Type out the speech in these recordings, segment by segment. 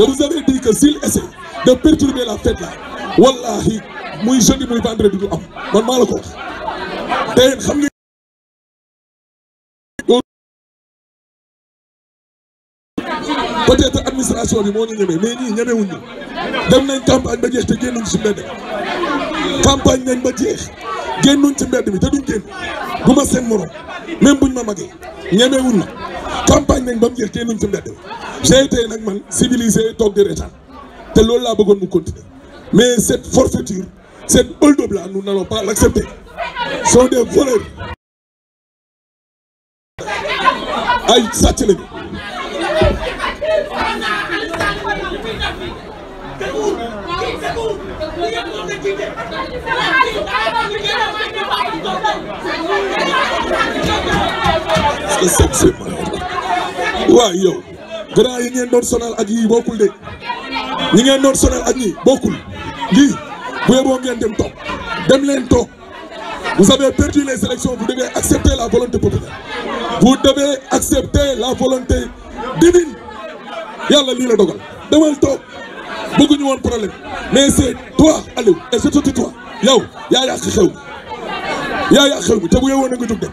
Je vous avais dit s'il essaie de perturber la fête là wallahi muy jeudi muy vendredi du am man maa la ko te xam nga peut administration bi moo ñu ñemee mais ñii ñemewuñ ñu dem nañ campagne ba jeex te génnuñ ci mbedd campagne nañ ba jeex génnuñ ci mbedd mi te duñ génn du seen morom même buñ ma magee ñemewuñ na campagne nañ ba mu jeex kenn duñ ci mbedd j'ai été te loolu laa bëggoon mu continuer mais cette forfaiture cette hold-up là nous n'allons pas l'accepter sont waa yow grand yi ngeen doon sonal ak yi bokkul de ñi ngeen doon sonal ak ñi bokkul lii bu yeboo ngeen dem to dem leen toog vous avez perdu les élections vous devez accepter la volonté populaire vous devez accepter la volonté divine yàlla lii la dogal demal toog bëgguñu woon problème mais c'est toi Aliou et surtout toi yow yaa yàq xew mi yaa yàq xew mi te bu yewoon na nga dem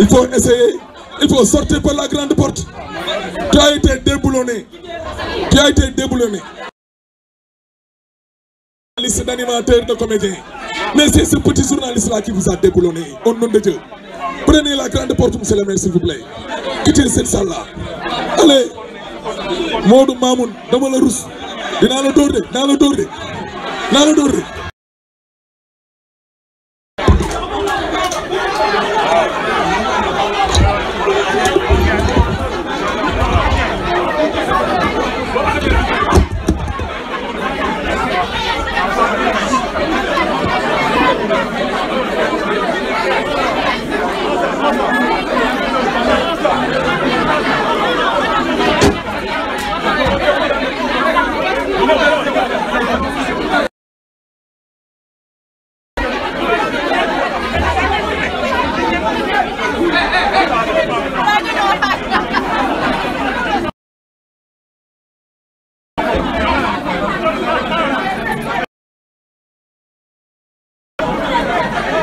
Il faut essayer, il faut sortir par la grande porte. Tu as été Tu as été Liste d'animateurs, de comédiens. Mais c'est ce petit journaliste-là qui vous a de Dieu. Prenez la grande porte, monsieur le maire, s'il vous plaît. Quittez cette salle-là. dama la rus. Dinaa la dóor de, la dóor de, la dóor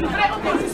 Une vraie opposition.